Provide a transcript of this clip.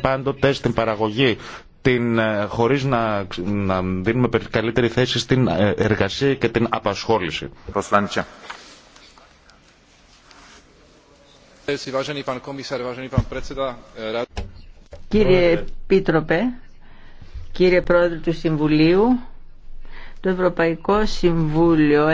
πάντοτε στην παραγωγή την, ε, χωρίς να, να δίνουμε καλύτερη θέση στην ε, εργασία και την απασχόληση. E, κύριε Επίτροπε, κύριε Πρόεδρε του Συμβουλίου, το Ευρωπαϊκό Συμβούλιο